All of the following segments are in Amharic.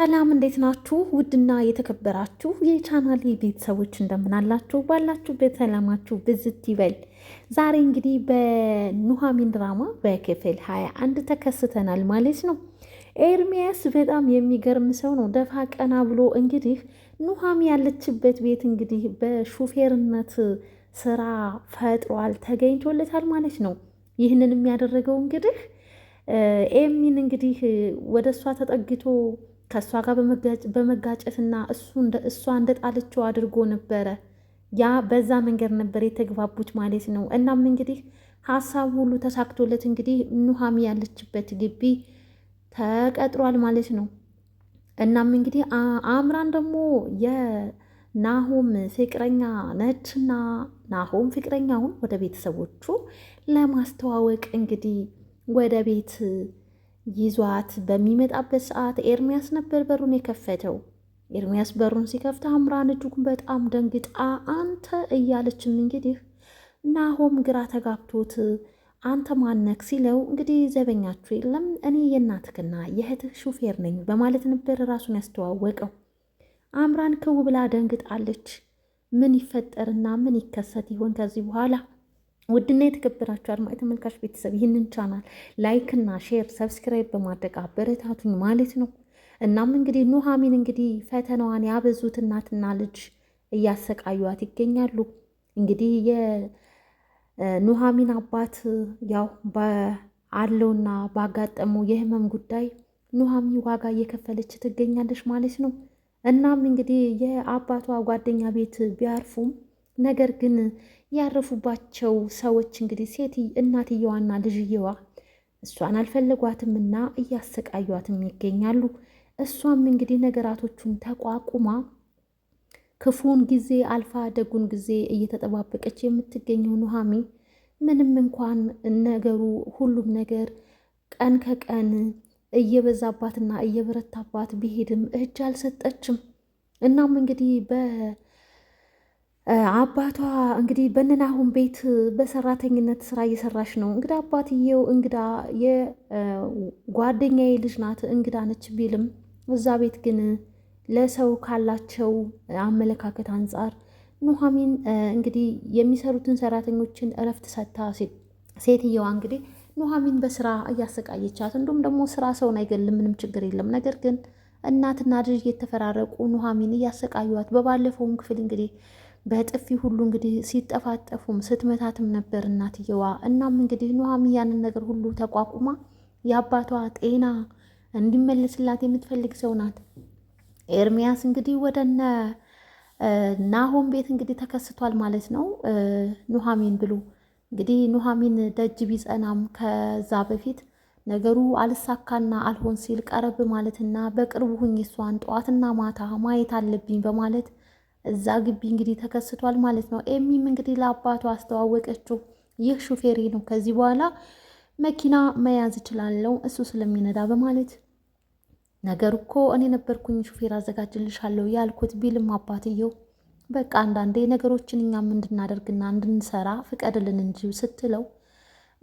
ሰላም እንዴት ናችሁ? ውድና የተከበራችሁ የቻናሌ ቤተሰቦች እንደምናላችሁ ባላችሁበት ሰላማችሁ ብዝት ይበል። ዛሬ እንግዲህ በኑሃሚን ድራማ በክፍል ሀያ አንድ ተከስተናል ማለት ነው። ኤርሚያስ በጣም የሚገርም ሰው ነው። ደፋ ቀና ብሎ እንግዲህ ኑሃሚ ያለችበት ቤት እንግዲህ በሹፌርነት ስራ ፈጥሯል፣ ተገኝቶለታል ማለት ነው። ይህንን የሚያደረገው እንግዲህ ኤሚን እንግዲህ ወደ እሷ ተጠግቶ ከእሷ ጋር በመጋጨትና እሷ እንደጣለችው አድርጎ ነበረ። ያ በዛ መንገድ ነበር የተግባቡት ማለት ነው። እናም እንግዲህ ሀሳብ ሁሉ ተሳክቶለት እንግዲህ ኑሃሚ ያለችበት ግቢ ተቀጥሯል ማለት ነው። እናም እንግዲህ አምራን ደግሞ የናሆም ፍቅረኛ ነችና ናሆም ፍቅረኛውን ወደ ቤተሰቦቹ ለማስተዋወቅ እንግዲህ ወደ ቤት ይዟት በሚመጣበት ሰዓት ኤርሚያስ ነበር በሩን የከፈተው። ኤርሚያስ በሩን ሲከፍት አምራን እጅጉን በጣም ደንግጣ አንተ እያለችም እንግዲህ ናሆም ግራ ተጋብቶት አንተ ማነክ ሲለው እንግዲህ ዘበኛችሁ የለም እኔ የእናትክና የእህትህ ሹፌር ነኝ በማለት ነበር ራሱን ያስተዋወቀው። አምራን ክው ብላ ደንግጣለች። ምን ይፈጠርና ምን ይከሰት ይሆን ከዚህ በኋላ? ውድና የተከበራችሁ አድማጭ ተመልካች ቤተሰብ ይህንን ቻናል ላይክና ሼር ሰብስክራይብ በማድረግ አበረታቱኝ ማለት ነው። እናም እንግዲህ ኑሐሚን እንግዲህ ፈተናዋን ያበዙት እናትና ልጅ እያሰቃዩዋት ይገኛሉ። እንግዲህ የኑሐሚን አባት ያው አለውና ባጋጠመው የህመም ጉዳይ ኑሐሚን ዋጋ እየከፈለች ትገኛለች ማለት ነው። እናም እንግዲህ የአባቷ ጓደኛ ቤት ቢያርፉም ነገር ግን ያረፉባቸው ሰዎች እንግዲህ ሴት እናትየዋና ልጅየዋ እሷን እና እያሰቃዩትም ይገኛሉ። እሷም እንግዲህ ነገራቶቹን ተቋቁማ ክፉን ጊዜ አልፋ ደጉን ጊዜ እየተጠባበቀች የምትገኘው ኑሃሚ ምንም እንኳን ነገሩ ሁሉም ነገር ቀን ከቀን እየበዛባትና እየበረታባት ቢሄድም እጅ አልሰጠችም። እናም እንግዲህ በ አባቷ እንግዲህ በነናሁን ቤት በሰራተኝነት ስራ እየሰራች ነው። እንግዲህ አባትየው እንግዳ የጓደኛዬ ልጅ ናት እንግዳ ነች ቢልም እዛ ቤት ግን ለሰው ካላቸው አመለካከት አንጻር ኑሐሚን እንግዲህ የሚሰሩትን ሰራተኞችን እረፍት ሰታ ሴትየዋ እንግዲህ ኑሐሚን በስራ እያሰቃየቻት እንዲሁም ደግሞ ስራ ሰውን አይገልም፣ ምንም ችግር የለም። ነገር ግን እናትና ልጅ የተፈራረቁ ኑሐሚን እያሰቃዩዋት በባለፈውም ክፍል እንግዲህ በጥፊ ሁሉ እንግዲህ ሲጠፋጠፉም ስትመታትም ነበር እናትየዋ። እናም እንግዲህ ኑሐሚ ያንን ነገር ሁሉ ተቋቁማ የአባቷ ጤና እንዲመለስላት የምትፈልግ ሰው ናት። ኤርሚያስ እንግዲህ ወደነ ናሆም ቤት እንግዲህ ተከስቷል ማለት ነው። ኑሐሚን ብሎ እንግዲህ ኑሐሚን ደጅ ቢጸናም ከዛ በፊት ነገሩ አልሳካና አልሆን ሲል ቀረብ ማለትና በቅርቡ ሁኝ እሷን ጠዋትና ማታ ማየት አለብኝ በማለት እዛ ግቢ እንግዲህ ተከስቷል ማለት ነው። ኤሚም እንግዲህ ለአባቱ አስተዋወቀችው። ይህ ሹፌሪ ነው፣ ከዚህ በኋላ መኪና መያዝ እችላለሁ እሱ ስለሚነዳ በማለት ነገር እኮ እኔ ነበርኩኝ ሹፌር አዘጋጅልሻለሁ ያልኩት ቢልም አባትየው በቃ አንዳንዴ ነገሮችን እኛም እንድናደርግና እንድንሰራ ፍቀድልን እንጂ ስትለው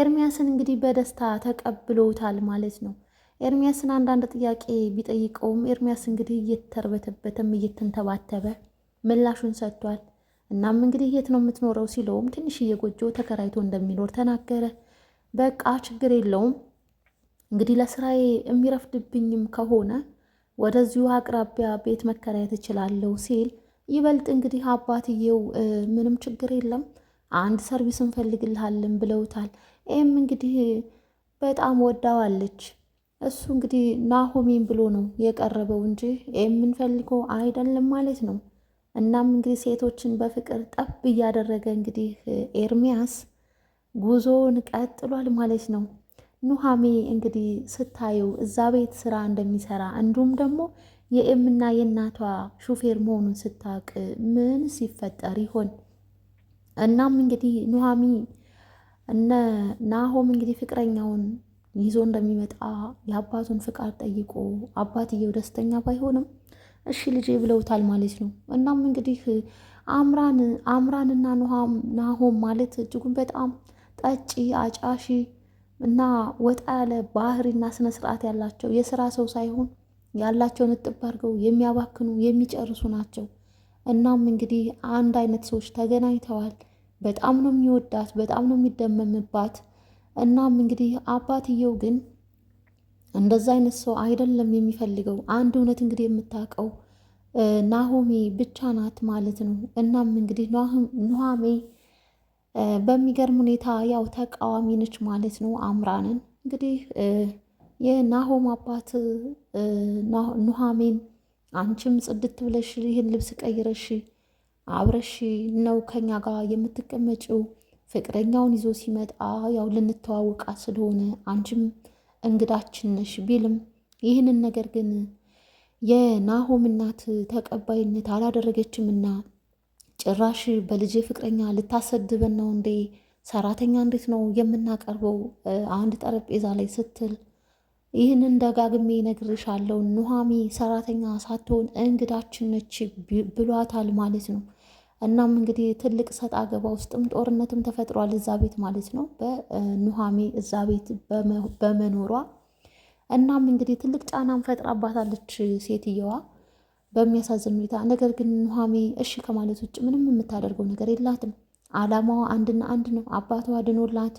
ኤርሚያስን እንግዲህ በደስታ ተቀብሎታል ማለት ነው። ኤርሚያስን አንዳንድ ጥያቄ ቢጠይቀውም ኤርሚያስ እንግዲህ እየተርበተበተም እየተንተባተበ ምላሹን ሰጥቷል። እናም እንግዲህ የት ነው የምትኖረው ሲለውም ትንሽዬ ጎጆ ተከራይቶ እንደሚኖር ተናገረ። በቃ ችግር የለውም እንግዲህ ለስራዬ የሚረፍድብኝም ከሆነ ወደዚሁ አቅራቢያ ቤት መከራየት እችላለሁ ሲል ይበልጥ እንግዲህ አባትየው ምንም ችግር የለም አንድ ሰርቪስ እንፈልግልሃለን ብለውታል። ይህም እንግዲህ በጣም ወዳዋለች። እሱ እንግዲህ ናሆሚን ብሎ ነው የቀረበው እንጂ ይህም የምንፈልገው አይደለም ማለት ነው። እናም እንግዲህ ሴቶችን በፍቅር ጠብ እያደረገ እንግዲህ ኤርሚያስ ጉዞውን ቀጥሏል ማለት ነው። ኑሃሜ እንግዲህ ስታየው እዛ ቤት ስራ እንደሚሰራ እንዲሁም ደግሞ የእምና የእናቷ ሹፌር መሆኑን ስታውቅ ምን ሲፈጠር ይሆን? እናም እንግዲህ ኑሃሚ እነ ናሆም እንግዲህ ፍቅረኛውን ይዞ እንደሚመጣ የአባቱን ፍቃድ ጠይቆ አባትየው ደስተኛ ባይሆንም እሺ ልጄ ብለውታል ማለት ነው። እናም እንግዲህ አምራን አምራንና ናሆም ማለት እጅጉን በጣም ጠጪ አጫሺ እና ወጣ ያለ ባህሪና ስነ ስርዓት ያላቸው የስራ ሰው ሳይሆን ያላቸውን እጥብ አድርገው የሚያባክኑ የሚጨርሱ ናቸው። እናም እንግዲህ አንድ አይነት ሰዎች ተገናኝተዋል። በጣም ነው የሚወዳት፣ በጣም ነው የሚደመምባት። እናም እንግዲህ አባትየው ግን እንደዛ አይነት ሰው አይደለም የሚፈልገው። አንድ እውነት እንግዲህ የምታውቀው ናሆሜ ብቻ ናት ማለት ነው። እናም እንግዲህ ኑሃሜ በሚገርም ሁኔታ ያው ተቃዋሚ ነች ማለት ነው። አምራንን እንግዲህ የናሆም አባት ኑሃሜን አንቺም ጽድት ብለሽ ይህን ልብስ ቀይረሽ አብረሽ ነው ከኛ ጋር የምትቀመጭው። ፍቅረኛውን ይዞ ሲመጣ ያው ልንተዋወቃ ስለሆነ አንቺም እንግዳችን ነሽ ቢልም ይህንን ነገር ግን የናሆም እናት ተቀባይነት አላደረገችም እና ጭራሽ በልጅ ፍቅረኛ ልታሰድበን ነው እንዴ? ሰራተኛ እንዴት ነው የምናቀርበው አንድ ጠረጴዛ ላይ ስትል ይህንን ደጋግሜ ነግርሻለሁ ኑሃሚ ሰራተኛ ሳትሆን እንግዳችን ነች ብሏታል ማለት ነው። እናም እንግዲህ ትልቅ ሰጥ አገባ ውስጥም ጦርነትም ተፈጥሯል እዛ ቤት ማለት ነው፣ በኑሃሜ እዛ ቤት በመኖሯ እናም እንግዲህ ትልቅ ጫናም ፈጥራባታለች ሴትየዋ በሚያሳዝን ሁኔታ። ነገር ግን ኑሃሜ እሺ ከማለት ውጭ ምንም የምታደርገው ነገር የላትም። አላማዋ አንድና አንድ ነው፣ አባቷ ድኖላት፣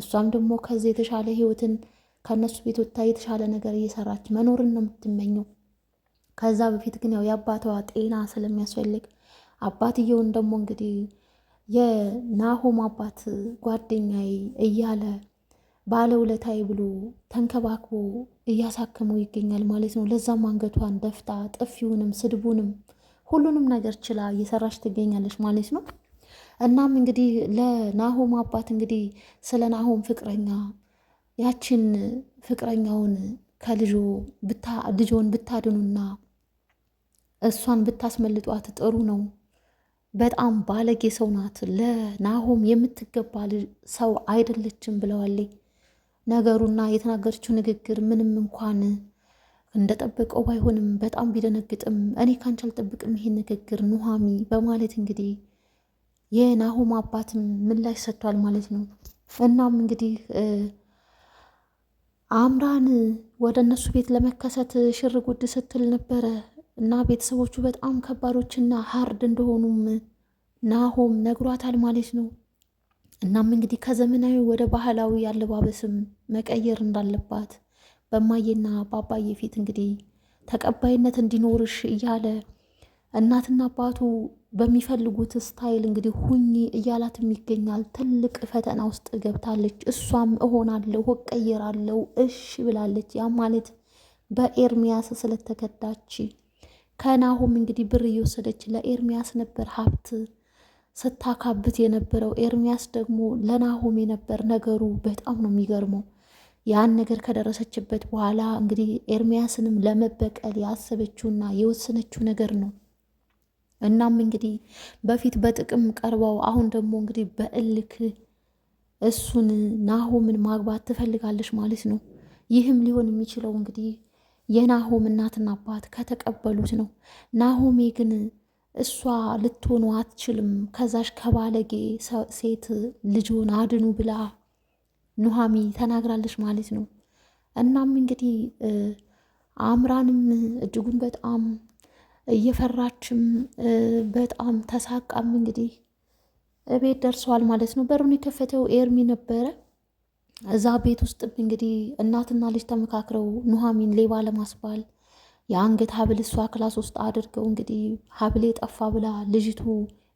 እሷም ደግሞ ከዚህ የተሻለ ህይወትን ከእነሱ ቤት ወጥታ የተሻለ ነገር እየሰራች መኖርን ነው የምትመኘው። ከዛ በፊት ግን ያው የአባቷ ጤና ስለሚያስፈልግ አባትየውን ደግሞ እንግዲህ የናሆም አባት ጓደኛዬ እያለ ባለውለታዬ ብሎ ተንከባክቦ እያሳከመው ይገኛል ማለት ነው። ለዛም አንገቷን ደፍታ ጥፊውንም ስድቡንም ሁሉንም ነገር ችላ እየሰራች ትገኛለች ማለት ነው። እናም እንግዲህ ለናሆም አባት እንግዲህ ስለ ናሆም ፍቅረኛ ያችን ፍቅረኛውን ከልጆ ልጆን ብታድኑና እሷን ብታስመልጧት ጥሩ ነው በጣም ባለጌ ሰው ናት፣ ለናሆም የምትገባ ሰው አይደለችም ብለዋል። ነገሩና የተናገረችው ንግግር ምንም እንኳን እንደጠበቀው ባይሆንም በጣም ቢደነግጥም እኔ ካንቺ አልጠብቅም ይሄን ንግግር ኑሃሚ በማለት እንግዲህ የናሆም አባትም ምላሽ ሰጥቷል ማለት ነው። እናም እንግዲህ አምራን ወደ እነሱ ቤት ለመከሰት ሽር ጉድ ስትል ነበረ። እና ቤተሰቦቹ በጣም ከባዶችና ሀርድ እንደሆኑም ናሆም ነግሯታል ማለት ነው። እናም እንግዲህ ከዘመናዊ ወደ ባህላዊ አለባበስም መቀየር እንዳለባት በማየና በአባዬ ፊት እንግዲህ ተቀባይነት እንዲኖርሽ እያለ እናትና አባቱ በሚፈልጉት ስታይል እንግዲህ ሁኚ እያላትም ይገኛል። ትልቅ ፈተና ውስጥ ገብታለች። እሷም እሆናለሁ እቀይራለሁ እሺ ብላለች። ያም ማለት በኤርሚያስ ስለተከዳች ከናሆም እንግዲህ ብር እየወሰደች ለኤርሚያስ ነበር ሀብት ስታካብት የነበረው። ኤርሚያስ ደግሞ ለናሆም የነበር ነገሩ በጣም ነው የሚገርመው። ያን ነገር ከደረሰችበት በኋላ እንግዲህ ኤርሚያስንም ለመበቀል ያሰበችውና የወሰነችው ነገር ነው። እናም እንግዲህ በፊት በጥቅም ቀርበው አሁን ደግሞ እንግዲህ በእልክ እሱን ናሆምን ማግባት ትፈልጋለች ማለት ነው። ይህም ሊሆን የሚችለው እንግዲህ የናሆም እናትና አባት ከተቀበሉት ነው። ናሆሜ ግን እሷ ልትሆኑ አትችልም፣ ከዛሽ ከባለጌ ሴት ልጆን አድኑ ብላ ኑሃሚ ተናግራለች ማለት ነው። እናም እንግዲህ አምራንም እጅጉን በጣም እየፈራችም በጣም ተሳቃም እንግዲህ ቤት ደርሰዋል ማለት ነው። በሩን የከፈተው ኤርሚ ነበረ። እዛ ቤት ውስጥ እንግዲህ እናትና ልጅ ተመካክረው ኑሐሚን ሌባ ለማስባል የአንገት ሀብል እሷ ክላስ ውስጥ አድርገው እንግዲህ ሀብሌ ጠፋ ብላ ልጅቱ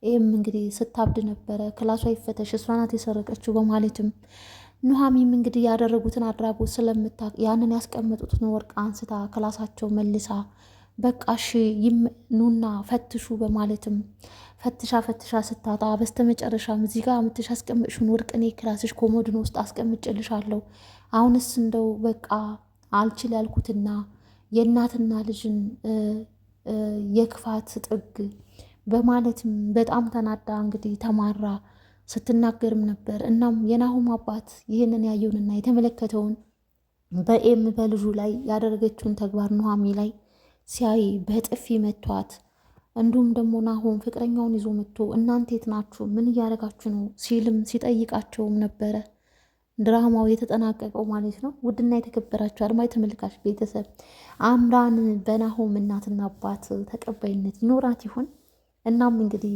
ይህም እንግዲህ ስታብድ ነበረ። ክላሷ ይፈተሽ እሷ ናት የሰረቀችው በማለትም ኑሐሚም እንግዲህ ያደረጉትን አድራጎት ስለምታ ያንን ያስቀመጡትን ወርቅ አንስታ ክላሳቸው መልሳ በቃ እሺ ኑና ፈትሹ በማለትም ፈትሻ ፈትሻ ስታጣ በስተመጨረሻም እዚህ ጋር ምትሽ አስቀምጥሽን ወርቅ እኔ ክላስሽ ኮሞድን ውስጥ አስቀምጭልሻለሁ። አሁንስ እንደው በቃ አልችል ያልኩትና የእናትና ልጅን የክፋት ጥግ በማለትም በጣም ተናዳ እንግዲህ ተማራ ስትናገርም ነበር። እናም የናሁም አባት ይህንን ያየውንና የተመለከተውን በኤም በልጁ ላይ ያደረገችውን ተግባር ኑሃሚ ላይ ሲያይ በጥፊ መቷት። እንዲሁም ደግሞ ናሆም ፍቅረኛውን ይዞ መጥቶ እናንተ የት ናችሁ? ምን እያደረጋችሁ ነው? ሲልም ሲጠይቃቸውም ነበረ። ድራማው የተጠናቀቀው ማለት ነው። ውድና የተከበራችሁ አድማጭ ተመልካች ቤተሰብ አምራን በናሆም እናትና አባት ተቀባይነት ይኖራት ይሆን? እናም እንግዲህ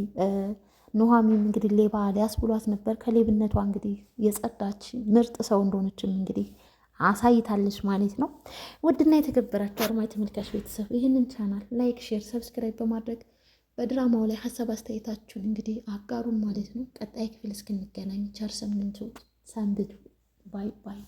ኑሐሚንም እንግዲህ ሌባ ሊያስብሏት ነበር። ከሌብነቷ እንግዲህ የጸዳች ምርጥ ሰው እንደሆነችም እንግዲህ አሳይታለች ማለት ነው። ውድና የተከበራችሁ አድማጭ ተመልካች ቤተሰብ ይህንን ቻናል ላይክ፣ ሼር፣ ሰብስክራይብ በማድረግ በድራማው ላይ ሀሳብ አስተያየታችሁን እንግዲህ አጋሩን ማለት ነው። ቀጣይ ክፍል እስክንገናኝ ቸር ሰንብቱ። ባይ ባይ።